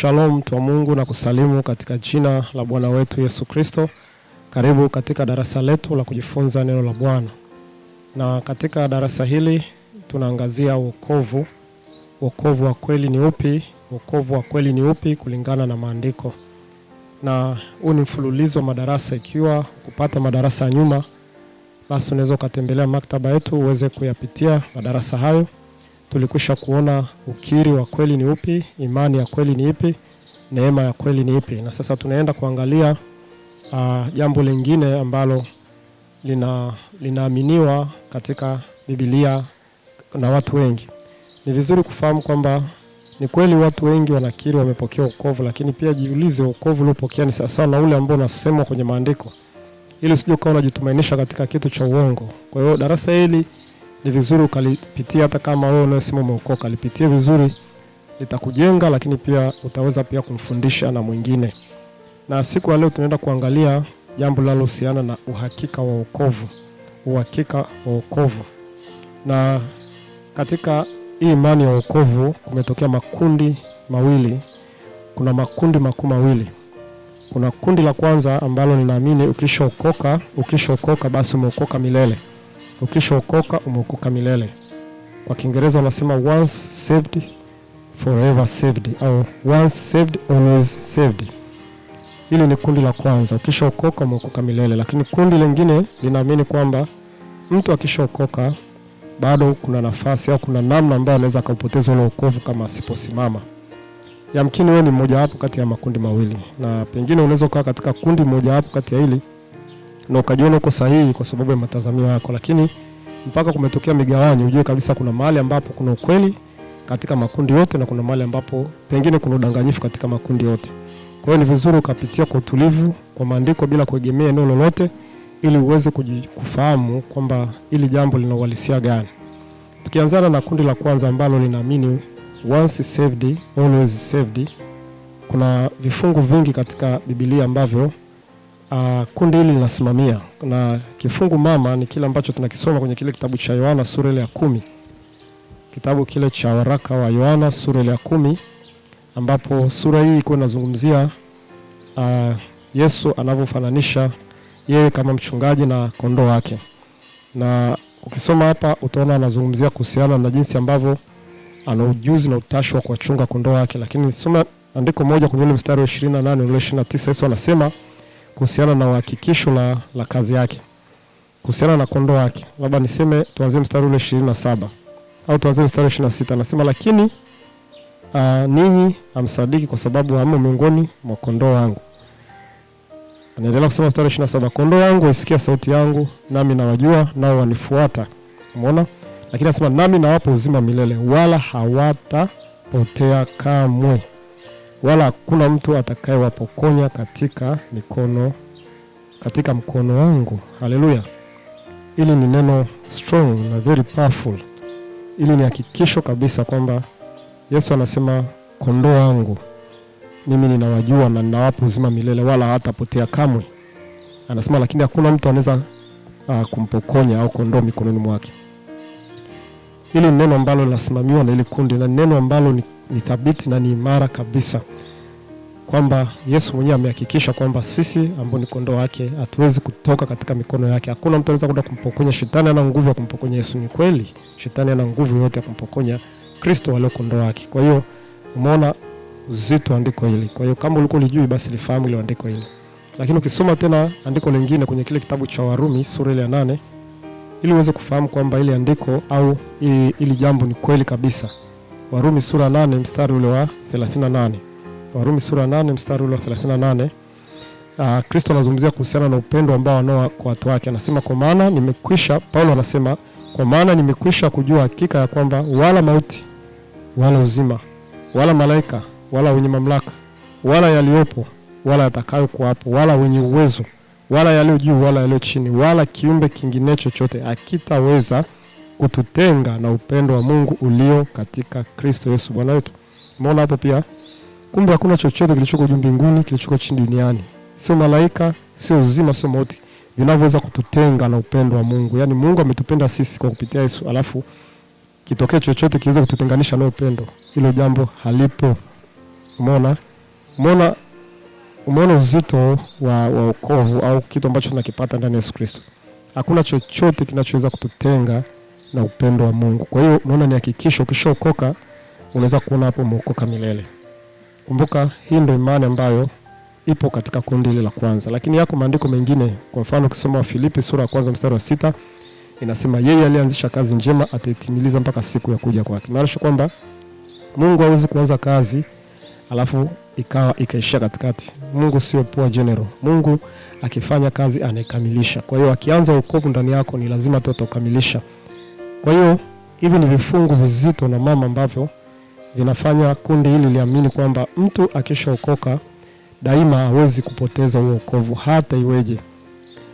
Shalom mtu wa Mungu na kusalimu katika jina la Bwana wetu Yesu Kristo. Karibu katika darasa letu la kujifunza neno la Bwana, na katika darasa hili tunaangazia wokovu. Wokovu wa kweli ni upi? Wokovu wa kweli ni upi kulingana na maandiko? Na huu ni mfululizo wa madarasa. Ikiwa kupata madarasa ya nyuma, basi unaweza ukatembelea maktaba yetu uweze kuyapitia madarasa hayo tulikwisha kuona ukiri wa kweli ni upi, imani ya kweli ni ipi, neema ya kweli ni ipi. Na sasa tunaenda kuangalia uh, jambo lingine ambalo lina linaaminiwa katika Biblia na watu wengi. Ni vizuri kufahamu kwamba ni kweli watu wengi wanakiri wamepokea wokovu, lakini pia jiulize, wokovu uliopokea ni sawasawa na ule ambao unasemwa kwenye maandiko, ili usije ukawa unajitumainisha katika kitu cha uongo. Kwa hiyo darasa hili ni vizuri ukalipitia, hata kama wewe unasema umeokoka, lipitie vizuri, litakujenga, lakini pia utaweza pia kumfundisha na mwingine. Na siku ya leo tunaenda kuangalia jambo linalohusiana na uhakika wa wokovu, uhakika wa wokovu. Na katika hii imani ya wokovu kumetokea makundi mawili, kuna makundi makuu mawili. Kuna kundi la kwanza ambalo ninaamini ukishaokoka, ukishaokoka basi umeokoka milele Ukishaokoka umeokoka milele. Kwa Kiingereza wanasema once saved forever saved, au once saved always saved. Hili ni kundi la kwanza, ukishaokoka umeokoka milele. Lakini kundi lingine linaamini kwamba mtu akishaokoka bado kuna nafasi au kuna namna ambayo anaweza akaupoteza ule ukovu kama asiposimama. Yamkini wewe ni mmojawapo kati ya makundi mawili, na pengine unaweza ukawa katika kundi mojawapo kati ya hili na ukajiona uko sahihi kwa sababu ya matazamio yako, lakini mpaka kumetokea migawanyo, ujue kabisa kuna mahali ambapo kuna ukweli katika makundi yote na kuna mahali ambapo pengine kuna udanganyifu katika makundi yote. Kwa hiyo ni vizuri ukapitia kwa utulivu kwa maandiko bila kuegemea eneo lolote, ili uweze kufahamu kwamba ili jambo lina uhalisia gani. Tukianzana na kundi la kwanza ambalo linaamini once saved always saved, kuna vifungu vingi katika Biblia ambavyo uh, kundi hili linasimamia na kifungu mama ni kile ambacho tunakisoma kwenye kile kitabu cha Yohana sura ile ya kumi, kitabu kile cha waraka wa Yohana sura ile ya kumi, ambapo sura hii iko inazungumzia uh, Yesu anavyofananisha yeye kama mchungaji na kondoo wake, na ukisoma hapa utaona anazungumzia kuhusiana na jinsi ambavyo ana ujuzi na utashi wa kuwachunga kondoo wake, lakini soma andiko moja kwenye mstari wa 28 na 29, Yesu anasema kuhusiana na uhakikisho la, la kazi yake kuhusiana na kondoo wake. Labda niseme tuanzie mstari ule 27 au tuanzie mstari 26. anasema lakini uh, ninyi hamsadiki kwa sababu hamo miongoni mwa kondoo wangu. Anaendelea kusema mstari 27, kondoo wangu waisikia sauti yangu, nami nawajua, nao wanifuata. Umeona? Lakini anasema nami nawapa uzima milele, wala hawatapotea kamwe wala hakuna mtu atakayewapokonya katika mikono katika mkono wangu. Haleluya! Hili ni neno strong na very powerful. ili ni hakikisho kabisa kwamba Yesu anasema kondoo wangu mimi ninawajua na ninawapa uzima milele, wala hatapotea kamwe. Anasema lakini hakuna mtu anaweza uh, kumpokonya au kondoo mikononi mwake. Hili ni neno ambalo linasimamiwa na hili kundi na neno ambalo ni, ni thabiti na ni imara kabisa, kwamba Yesu mwenyewe amehakikisha kwamba sisi ambao ni kondoo wake hatuwezi kutoka katika mikono yake. Hakuna mtu anaweza kwenda kumpokonya. Shetani ana nguvu ya kumpokonya Yesu, ni kweli. Shetani ana nguvu yote ya kumpokonya Kristo walio kondoo wake. Kwa hiyo umeona uzito andiko hili. Kwa hiyo kama ulikuwa ulijui, basi lifahamu ile andiko hili. Lakini ukisoma tena andiko lingine kwenye kile kitabu cha Warumi sura ile ya nane ili uweze kufahamu kwamba ili andiko au ili jambo ni kweli kabisa. Warumi sura 8 mstari ule wa 38. Warumi sura 8 mstari ule wa 38. Uh, ah, Kristo anazungumzia kuhusiana na upendo ambao anao kwa watu wake, anasema kwa maana nimekwisha, Paulo anasema kwa maana nimekwisha kujua hakika ya kwamba wala mauti wala uzima wala malaika wala wenye mamlaka wala yaliyopo wala yatakayokuwapo wala wenye uwezo wala yaliyo juu wala yaliyo chini wala kiumbe kingine chochote akitaweza kututenga na upendo wa Mungu ulio katika Kristo Yesu Bwana wetu. Umeona hapo pia? Kumbe hakuna chochote kilichoko juu mbinguni, kilichoko chini duniani, sio malaika, sio uzima, sio mauti vinavyoweza kututenga na upendo wa Mungu. Yaani Mungu ametupenda sisi kwa kupitia Yesu, alafu kitokee chochote kiweze kututenganisha na upendo, hilo jambo halipo. Umeona? Umeona umeona uzito wa, wa wokovu au kitu ambacho tunakipata ndani ya Yesu Kristo. Hakuna chochote kinachoweza kututenga na upendo wa Mungu. Kwa hiyo unaona ni hakikisho, ukishaokoka unaweza kuona hapo umeokoka milele. Kumbuka hii ndio imani ambayo ipo katika kundi ile la kwanza, lakini yako maandiko mengine. Kwa mfano ukisoma Filipi sura ya kwanza mstari wa sita inasema yeye alianzisha kazi njema ataitimiliza mpaka siku ya kuja kwake. Maanisha kwamba Mungu hawezi kuanza kazi alafu ikawa ikaishia katikati. Mungu sio poa general. Mungu akifanya kazi anaikamilisha. Kwa hiyo akianza ukovu ndani yako ni lazima tu atakamilisha. Kwa hiyo hivi ni vifungu vizito na mama ambavyo vinafanya kundi hili liamini kwamba mtu akishaokoka daima hawezi kupoteza huo wokovu, hata iweje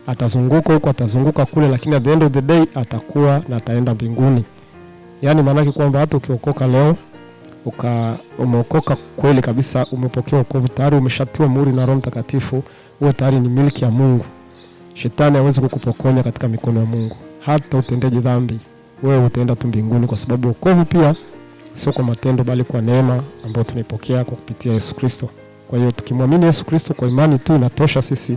atazunguka huko atazunguka kule, lakini at the end of the day atakuwa na ataenda mbinguni. Yaani maanake kwamba hata ukiokoka leo uka umeokoka kweli kabisa, umepokea wokovu tayari, umeshatiwa muhuri na Roho Mtakatifu, uwe tayari ni miliki ya Mungu. Shetani hawezi kukupokonya katika mikono ya Mungu, hata utendeje dhambi, wewe utaenda tu mbinguni, kwa sababu wokovu pia sio kwa matendo, bali kwa neema ambayo tunaipokea kwa kupitia Yesu Kristo. Kwa hiyo tukimwamini Yesu Kristo kwa imani tu inatosha sisi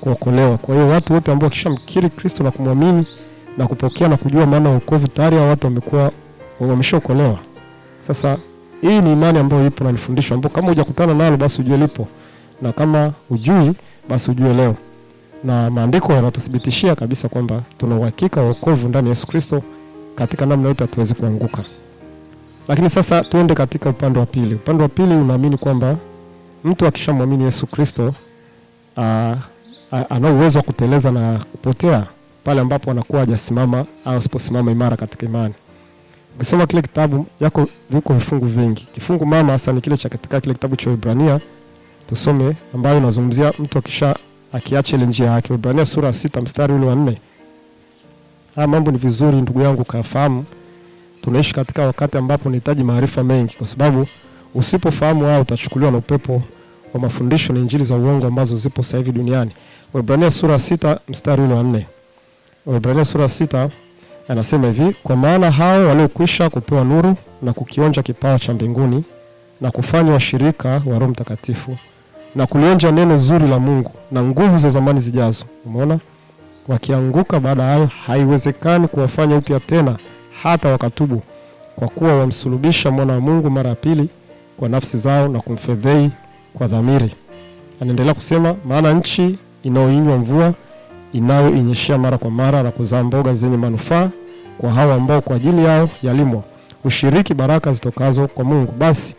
kuokolewa. Kwa hiyo watu wote ambao wakishamkiri Kristo na kumwamini na kupokea na kujua maana ya wokovu, tayari hao watu wamekuwa wameshaokolewa. Sasa hii ni imani ambayo ipo na nifundishwa ambapo kama hujakutana nalo basi ujue lipo na kama ujui basi ujue leo, na maandiko yanatuthibitishia kabisa kwamba tuna uhakika wa wokovu ndani ya Yesu Kristo. Katika namna yote hatuwezi kuanguka. Lakini sasa tuende katika upande wa pili. Upande wa pili unaamini kwamba mtu akishamwamini Yesu Kristo ana uwezo wa kuteleza na kupotea pale ambapo anakuwa hajasimama au asiposimama imara katika imani. Ukisoma kile kitabu yako viko vifungu vingi. Kifungu mama hasa ni kile cha katika kile kitabu cha Ibrania tusome, ambayo inazungumzia mtu akisha akiacha ile njia yake, Ibrania sura sita mstari ule wa nne. Haya mambo ni vizuri ndugu yangu kafahamu. Tunaishi katika wakati ambapo unahitaji maarifa mengi, kwa sababu usipofahamu haya utachukuliwa na upepo wa mafundisho na injili za uongo ambazo zipo sasa hivi duniani. Waebrania sura sita mstari ule wa nne. Waebrania sura sita anasema hivi: kwa maana hao waliokwisha kupewa nuru na kukionja kipawa cha mbinguni na kufanywa washirika wa Roho Mtakatifu na kulionja neno zuri la Mungu na nguvu za zamani zijazo. Umeona, wakianguka baada hayo, haiwezekani kuwafanya upya tena hata wakatubu, kwa kuwa wamsulubisha mwana wa Mungu mara ya pili kwa nafsi zao na kumfedhei kwa dhamiri. Anaendelea kusema, maana nchi inayoinywa mvua inayoinyeshea mara kwa mara na kuzaa mboga zenye manufaa kwa hao ambao kwa ajili yao yalimwa ushiriki baraka zitokazo kwa Mungu. Basi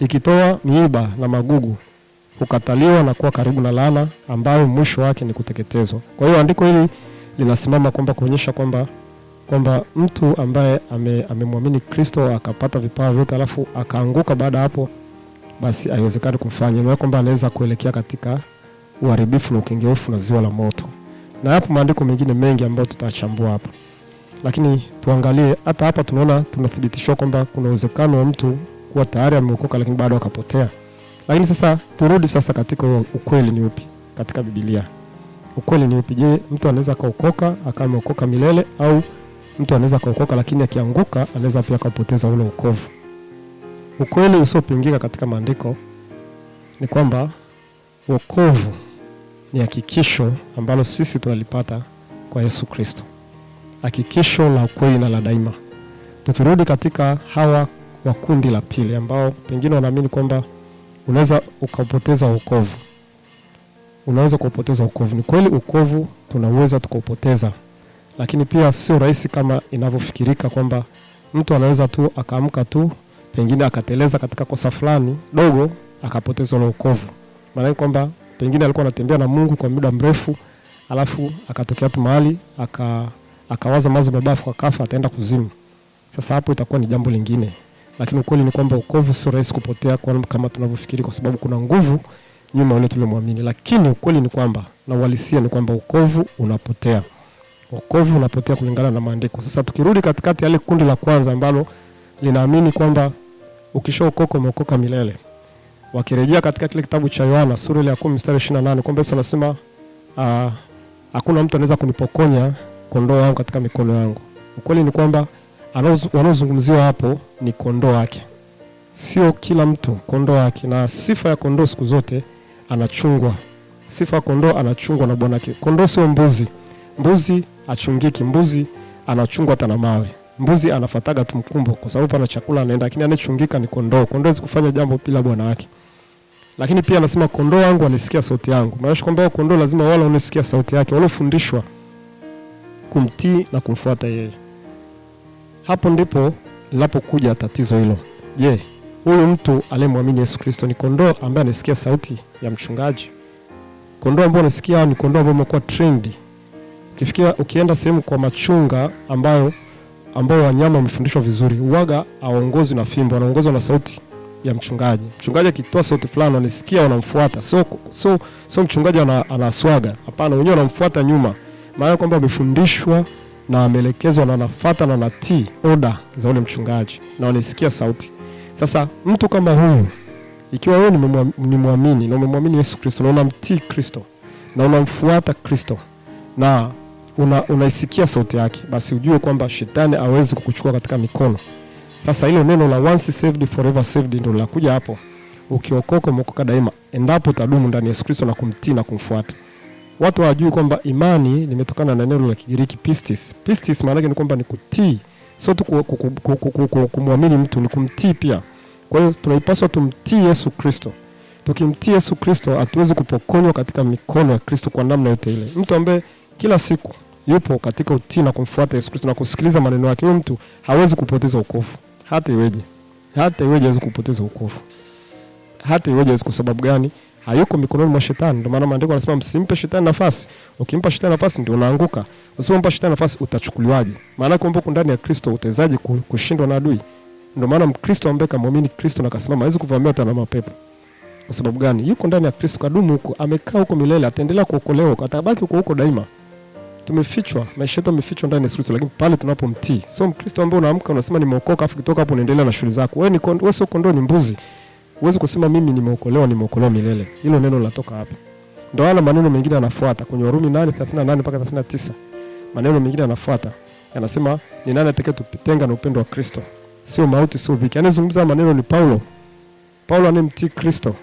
ikitoa miiba na magugu hukataliwa na kuwa karibu na laana ambayo mwisho wake ni kuteketezwa. Kwa hiyo andiko hili linasimama kwamba kuonyesha kwamba kwamba mtu ambaye amemwamini ame Kristo akapata vipawa vyote alafu akaanguka baada hapo, basi haiwezekani kumfanya na kwamba anaweza kuelekea katika uharibifu na ukengeufu na ziwa la moto, na hapo maandiko mengine mengi ambayo tutachambua hapo lakini tuangalie hata hapa, tunaona tunathibitishwa kwamba kuna uwezekano wa mtu kuwa tayari ameokoka lakini bado akapotea. Lakini sasa turudi sasa katika ukweli ni upi katika Biblia, ukweli ni upi? Je, mtu anaweza akaokoka akameokoka milele, au mtu anaweza akaokoka lakini akianguka anaweza pia akapoteza ule ukovu Ukweli usiopingika katika maandiko ni kwamba wokovu ni hakikisho ambalo sisi tunalipata kwa Yesu Kristo hakikisho la ukweli na la daima. Tukirudi katika hawa wa kundi la pili, ambao pengine wanaamini kwamba unaweza ukapoteza wokovu, unaweza kupoteza wokovu. Ni kweli wokovu tunaweza tukaupoteza, lakini pia sio rahisi kama inavyofikirika kwamba mtu anaweza tu akaamka tu pengine akateleza katika kosa fulani dogo akapoteza ule wokovu. Maana kwamba pengine alikuwa anatembea na Mungu kwa muda mrefu, alafu akatokea tu mahali aka akawaza mazo mabafu akafa, ataenda kuzimu. Sasa hapo itakuwa ni jambo lingine, lakini ukweli ni kwamba wokovu sio rahisi kupotea kwa kama tunavyofikiri, kwa sababu kuna nguvu nyuma yule tuliomwamini. Lakini ukweli ni kwamba na uhalisia ni kwamba wokovu unapotea, wokovu unapotea kulingana na maandiko. Sasa tukirudi katikati yale kundi la kwanza ambalo linaamini kwamba ukishaokoka umeokoka milele, wakirejea katika kile kitabu cha Yohana sura ya 10 mstari 28 kwamba Yesu anasema ah, hakuna mtu anaweza kunipokonya kondoo wangu katika mikono yangu. Ukweli ni kwamba wanaozungumziwa hapo ni kondoo wake, sio kila mtu, kondoo wake. Na sifa ya kondoo siku zote anachungwa, sifa ya kondoo anachungwa na bwana bwanake. Kondoo sio mbuzi. Mbuzi achungiki, mbuzi anachungwa hata na mawe. Mbuzi anafataga tu mkumbo kwa sababu pana chakula anaenda, lakini anachungika ni kondoo. Kondoo hawezi kufanya jambo bila bwana wake. Lakini pia anasema kondoo wangu wanisikia sauti yangu. Maana kwamba kondoo lazima wala unisikia sauti yake, wale fundishwa kumtii na kumfuata yeye. Hapo ndipo linapokuja tatizo hilo. Je, huyu mtu aliyemwamini Yesu Kristo ni kondoo ambaye anasikia sauti ya mchungaji? Kondoo ambao unasikia ni kondoo ambao wamekuwa trained. Ukifikia ukienda sehemu kwa machunga ambayo ambao wanyama wamefundishwa vizuri, uwaga aongozi na fimbo, anaongozwa na sauti ya mchungaji. Mchungaji akitoa sauti fulani wanasikia, wanamfuata. So, so, so mchungaji anaswaga? Hapana, wenyewe wanamfuata nyuma maana kwamba amefundishwa na ameelekezwa na anafuata na natii oda za ule mchungaji na anasikia sauti. Sasa mtu kama huyu, ikiwa wewe ni mwamini na umemwamini Yesu Kristo na unamtii Kristo na unamfuata Kristo na una, unaisikia sauti yake, basi ujue kwamba shetani awezi kukuchukua katika mikono. Sasa hilo neno la once saved forever saved ndio la kuja hapo, ukiokoka umeokoka daima, endapo utadumu ndani ya Yesu Kristo na kumtii na kumfuata watu hawajui kwamba imani limetokana na neno la Kigiriki pistis. Pistis maana yake ni kwamba ni kutii, sio tu kumwamini mtu, ni kumtii pia. Kwa hiyo tunaipaswa tumtii Yesu Kristo. Tukimtii Yesu Kristo hatuwezi kupokonywa katika mikono ya Kristo kwa namna yote ile. Mtu ambaye kila siku yupo katika utii na kumfuata Yesu Kristo na kusikiliza maneno yake, huyo mtu hawezi kupoteza wokovu. Hata iweje, hata iweje hawezi kupoteza wokovu. Hata iweje, kwa sababu gani? hayuko mikononi mwa shetani. Ndio maana maandiko yanasema msimpe shetani nafasi. Ukimpa shetani nafasi ndio unaanguka. Usipompa shetani nafasi utachukuliwaje? Maana kumbe uko ndani ya Kristo utawezaje kushindwa na adui? Ndio maana Mkristo ambaye kamwamini Kristo na kasimama hawezi kuvamiwa hata na mapepo. Kwa sababu gani? Yuko ndani ya Kristo, kadumu huko, amekaa huko milele, ataendelea kuokolewa, atabaki huko huko daima. Tumefichwa, maisha yetu yamefichwa ndani ya Kristo, lakini pale tunapomtii. So Mkristo ambaye unaamka unasema nimeokoka, afu kitoka hapo unaendelea na shughuli zako. Wewe ni wewe sio kondoo, ni mbuzi. Huwezi kusema mimi nimeokolewa, nimeokolewa milele. Hilo neno linatoka wapi? Ndio wala maneno mengine yanafuata kwenye Warumi 8:38 mpaka 39. Maneno mengine yanafuata. Yanasema ni nani atakayetutenga na upendo wa Kristo? Sio mauti, sio dhiki. Anazungumza maneno ni Paulo. Paulo anemtii Kristo.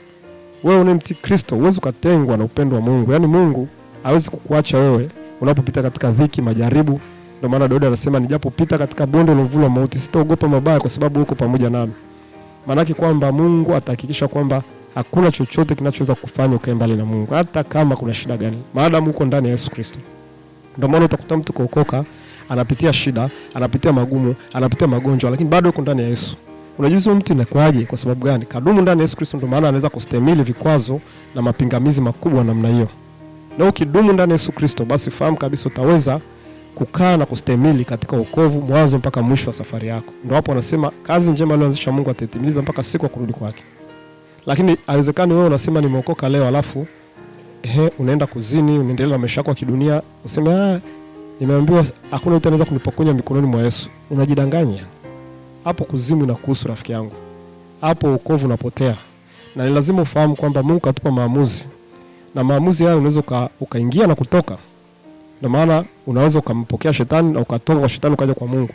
Wewe unemtii Kristo, huwezi ukatengwa na upendo wa Mungu. Yaani Mungu hawezi kukuacha wewe unapopita katika dhiki, majaribu. Ndio maana Daudi anasema nijapopita katika bonde la uvuli wa mauti, sitaogopa mabaya kwa sababu uko pamoja nami. Maanake kwamba Mungu atahakikisha kwamba hakuna chochote kinachoweza kufanya ukae mbali na Mungu, hata kama kuna shida gani, maadamu uko ndani ya Yesu Kristo. Ndio maana utakuta mtu kuokoka anapitia shida, anapitia magumu, anapitia magonjwa, lakini bado uko ndani ya Yesu. Unajua hizo mtu inakwaje Kwa sababu gani? Kadumu ndani ya Yesu Kristo, ndio maana anaweza kustemili vikwazo na mapingamizi makubwa namna hiyo. Na ukidumu ndani ya Yesu Kristo, basi fahamu kabisa utaweza kukaa na kustahimili katika wokovu mwanzo mpaka mwisho wa safari yako. Ndio hapo anasema kazi njema aliyoanzisha Mungu ataitimiliza mpaka siku ya kurudi kwake. Lakini haiwezekani wewe unasema nimeokoka leo, alafu ehe, unaenda kuzini, unaendelea na maisha yako ya kidunia, useme ah, nimeambiwa hakuna mtu anaweza kunipokonya mikononi mwa Yesu. Unajidanganya hapo. Kuzimu inakuhusu rafiki yangu, hapo wokovu unapotea, na ni lazima ufahamu kwamba Mungu katupa maamuzi, na maamuzi hayo unaweza ukaingia na kutoka ndio maana unaweza ukampokea shetani na ukatoka kwa shetani ukaja kwa Mungu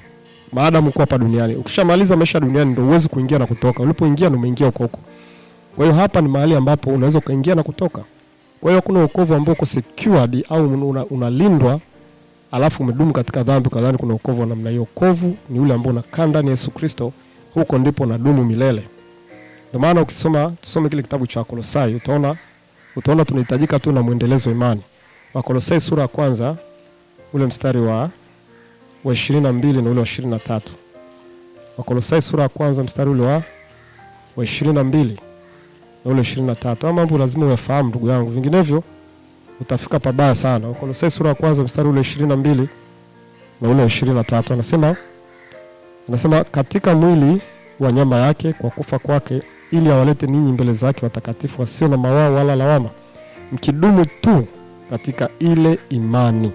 maadamu uko hapa duniani. Ukishamaliza maisha duniani ndio uweze kuingia na kutoka. Ulipoingia ndio umeingia huko huko. Kwa hiyo hapa ni mahali ambapo unaweza kuingia na kutoka. Kwa hiyo kuna wokovu ambao uko secured au unalindwa una alafu umedumu katika dhambi kadhani kuna wokovu wa namna hiyo. Wokovu ni ule ambao unakaa ndani ya Yesu Kristo, huko ndipo unadumu milele. Ndio maana ukisoma tusome kile kitabu cha Kolosai utaona utaona tunahitajika tu na mwendelezo imani. Wakolosai sura ya kwanza ule mstari wa wa 22 na ule wa 23. Wakolosai sura ya kwanza mstari ule wa wa 22 na ule 23. Mambo lazima uyafahamu ndugu yangu, vinginevyo utafika pabaya sana. Wakolosai sura ya kwanza mstari ule 22 na ule wa 23 anasema anasema katika mwili wa nyama yake kwa kufa kwake, ili awalete ninyi mbele zake watakatifu wasio na mawao wala lawama, mkidumu tu katika ile imani.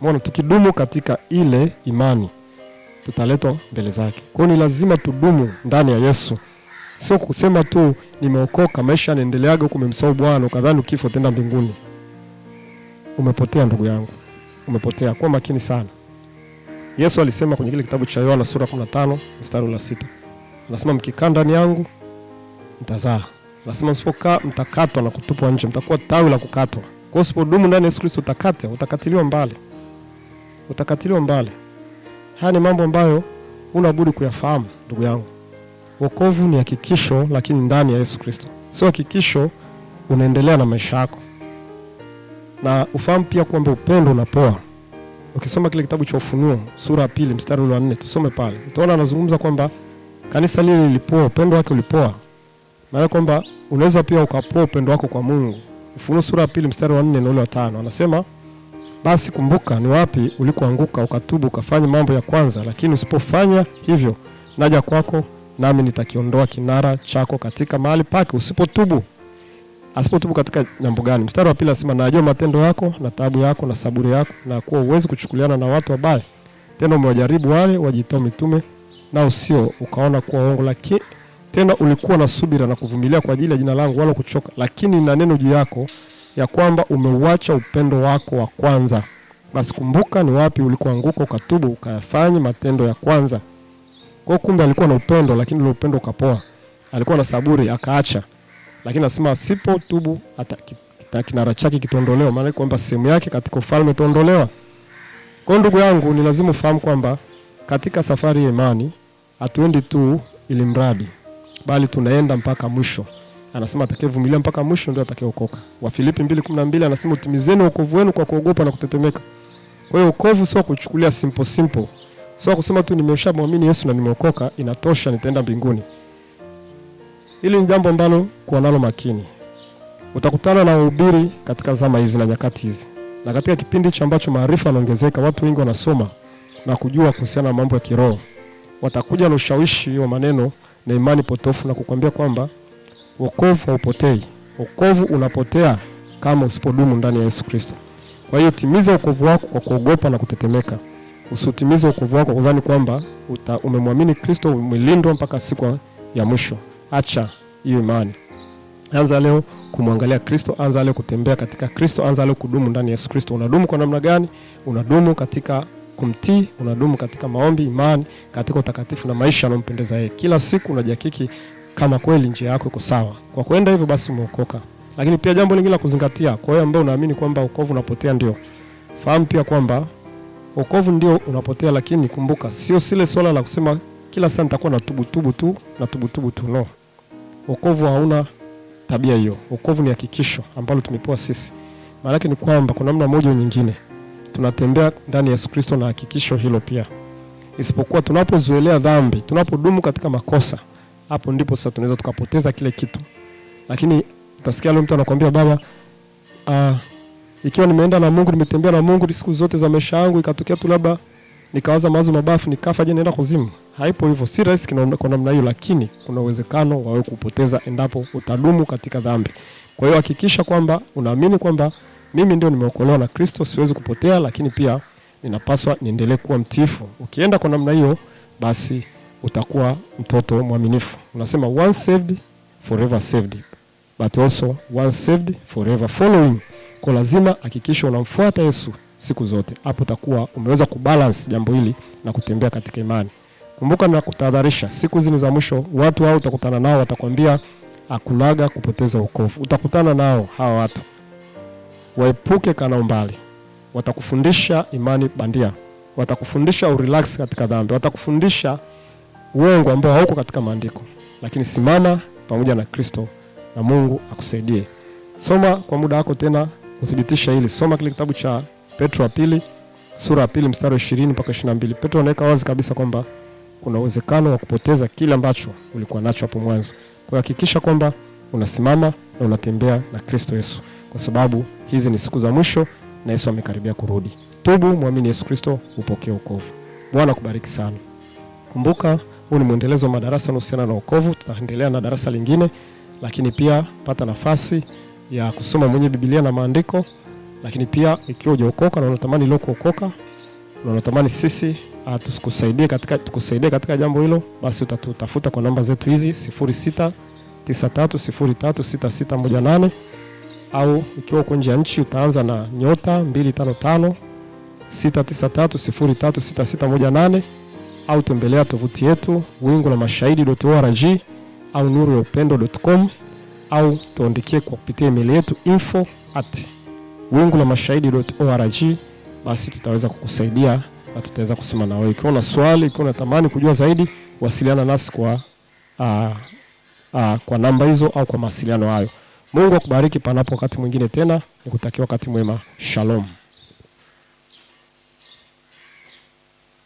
Mbona tukidumu katika ile imani tutaletwa mbele zake. Kwa hiyo ni lazima tudumu ndani ya Yesu, sio kusema tu nimeokoka, maisha yanaendeleaga huku, umemsahau Bwana ukadhani ukifo tenda mbinguni. Umepotea ndugu yangu, umepotea. Kuwa makini sana. Yesu alisema kwenye kile kitabu cha Yohana sura 15 mstari wa sita, anasema mkikaa ndani yangu mtazaa, anasema msipokaa mtakatwa na kutupwa nje, mtakuwa tawi la kukatwa. Kwa usipodumu ndani ya Yesu Kristo utakate, utakatiliwa mbali, utakatiliwa mbali. Haya ni mambo ambayo unabudi kuyafahamu ndugu yangu. Wokovu ni hakikisho, lakini ndani ya Yesu Kristo, sio hakikisho unaendelea na maisha yako. Na ufahamu pia kwamba upendo unapoa. Ukisoma kile kitabu cha Ufunuo sura ya pili mstari wa nne, tusome pale, utaona anazungumza kwamba kanisa lile lilipoa, upendo wake ulipoa. Maana kwamba unaweza pia ukapoa upendo wako kwa Mungu. Ufunuo sura ya pili mstari wa nne na ule wa tano anasema, basi kumbuka ni wapi ulikoanguka, ukatubu ukafanya mambo ya kwanza, lakini usipofanya hivyo, naja kwako nami nitakiondoa kinara chako katika mahali pake, usipotubu. Asipotubu katika jambo gani? Mstari wa pili anasema, najua matendo yako na taabu yako na saburi yako, na kuwa uwezi kuchukuliana na watu wabaya, tena umewajaribu wale wajitao mitume, nao sio, ukaona kuwa uongo, lakini tena ulikuwa na subira na kuvumilia kwa ajili ya jina langu, wala kuchoka. Lakini na neno juu yako ya kwamba umeuacha upendo wako wa kwanza. Basi kumbuka ni wapi ulikoanguka, ukatubu, ukayafanye matendo ya kwanza. Kwa kumbe alikuwa na upendo, lakini ule upendo ukapoa. Alikuwa na saburi akaacha, lakini anasema asipo tubu hata kinara chake kitondolewa, maana kwamba sehemu yake katika ufalme itaondolewa. Kwa ndugu yangu, ni lazima ufahamu kwamba katika safari ya imani hatuendi tu ili mradi bali tunaenda mpaka mwisho. Anasema atakayevumilia mpaka mwisho ndio atakayeokoka. Wafilipi 2:12 anasema utimizeni wokovu wenu kwa kuogopa na kutetemeka. Kwa hiyo wokovu sio kuchukulia simple simple. Sio kusema tu nimeshamwamini Yesu na nimeokoka, inatosha nitaenda mbinguni. Hili ni jambo ambalo kuwa nalo makini. Utakutana na wahubiri katika zama hizi na nyakati hizi. Na katika kipindi hicho ambacho maarifa yanaongezeka, watu wengi wanasoma na kujua kuhusiana na mambo ya kiroho. Watakuja na ushawishi wa maneno na imani potofu na kukwambia kwamba wokovu haupotei. Wokovu unapotea kama usipodumu ndani ya Yesu Kristo. Kwa hiyo timiza wokovu wako kwa kuogopa na kutetemeka. Usitimize wokovu wako kudhani kwamba umemwamini Kristo umelindwa mpaka siku ya mwisho. Acha hiyo imani. Anza leo kumwangalia Kristo, anza leo kutembea katika Kristo, anza leo kudumu ndani ya Yesu Kristo. Unadumu kwa namna gani? Unadumu katika kumtii, unadumu katika maombi, imani, katika utakatifu na maisha yanayompendeza yeye. Kila siku unajihakiki kama kweli njia yako iko sawa. Kwa kwenda hivyo basi umeokoka. Lakini pia jambo lingine la kuzingatia, kwa wewe ambaye unaamini kwamba wokovu unapotea ndio. Fahamu pia kwamba wokovu ndio unapotea, lakini kumbuka sio sile swala la kusema kila saa nitakuwa na tubu tubu tu na tubu tubu tu. No. Wokovu hauna tabia hiyo. Wokovu ni hakikisho ambalo tumepewa sisi. Maana ni kwamba kuna namna moja nyingine tunatembea ndani ya Yesu Kristo na hakikisho hilo pia. Isipokuwa tunapozoelea dhambi, tunapodumu katika makosa, hapo ndipo sasa tunaweza tukapoteza kile kitu. Lakini utasikia leo mtu anakuambia baba, uh, ikiwa nimeenda na Mungu, nimetembea na Mungu siku zote za maisha yangu, ikatokea tu labda nikawaza mawazo mabafu nikafa, je, naenda kuzimu? Haipo hivyo, si rahisi kwa namna hiyo, lakini kuna uwezekano wawe kupoteza endapo utadumu katika dhambi. Kwa hiyo hakikisha kwamba unaamini kwamba mimi ndio nimeokolewa na Kristo, siwezi kupotea, lakini pia ninapaswa niendelee kuwa mtiifu. Ukienda kwa namna hiyo, basi utakuwa mtoto mwaminifu. Unasema once saved forever saved, but also once saved forever following. Kwa lazima hakikisha unamfuata Yesu siku zote, hapo utakuwa umeweza kubalance jambo hili na kutembea katika imani. Kumbuka na kutahadharisha, siku zile za mwisho watu hao utakutana nao watakwambia akulaga kupoteza wokovu. Utakutana nao hawa watu waepuke kana umbali. Watakufundisha imani bandia, watakufundisha urelax katika dhambi, watakufundisha uongo ambao hauko katika maandiko. Lakini simama pamoja na Kristo na Mungu akusaidie. Soma kwa muda wako tena kuthibitisha hili. Soma kile kitabu cha Petro ya pili sura ya pili mstari wa 20 mpaka 22. Petro anaweka wazi kabisa kwamba kuna uwezekano wa kupoteza kile ambacho ulikuwa nacho hapo mwanzo. Kwa hakikisha kwamba unasimama na unatembea na Kristo Yesu kwa sababu hizi ni siku za mwisho na Yesu amekaribia kurudi. Tubu, mwamini Yesu Kristo, upokee wokovu. Bwana kubariki sana. Kumbuka huu ni mwendelezo wa madarasa yanayohusiana na wokovu. Tutaendelea na darasa lingine, lakini pia pata nafasi ya kusoma mwenye Biblia na maandiko, lakini pia ikiwa hujaokoka na unatamani leo kuokoka na unatamani sisi ah, tukusaidie katika, tukusaidie katika jambo hilo, basi utatutafuta kwa namba zetu hizi 0693036618 au ikiwa uko nje ya nchi utaanza na nyota 255 au tembelea tovuti yetu wingu la mashahidi.org au nuru ya upendo.com au tuandikie kwa kupitia email yetu info at wingu la mashahidi.org. Basi tutaweza kukusaidia na tutaweza kusema nawe. Ikiwa na swali, ukiwa unatamani kujua zaidi, wasiliana nasi kwa, uh, uh, kwa namba hizo au kwa mawasiliano hayo. Mungu akubariki panapo wakati mwingine tena, nikutakia wakati mwema. Shalom.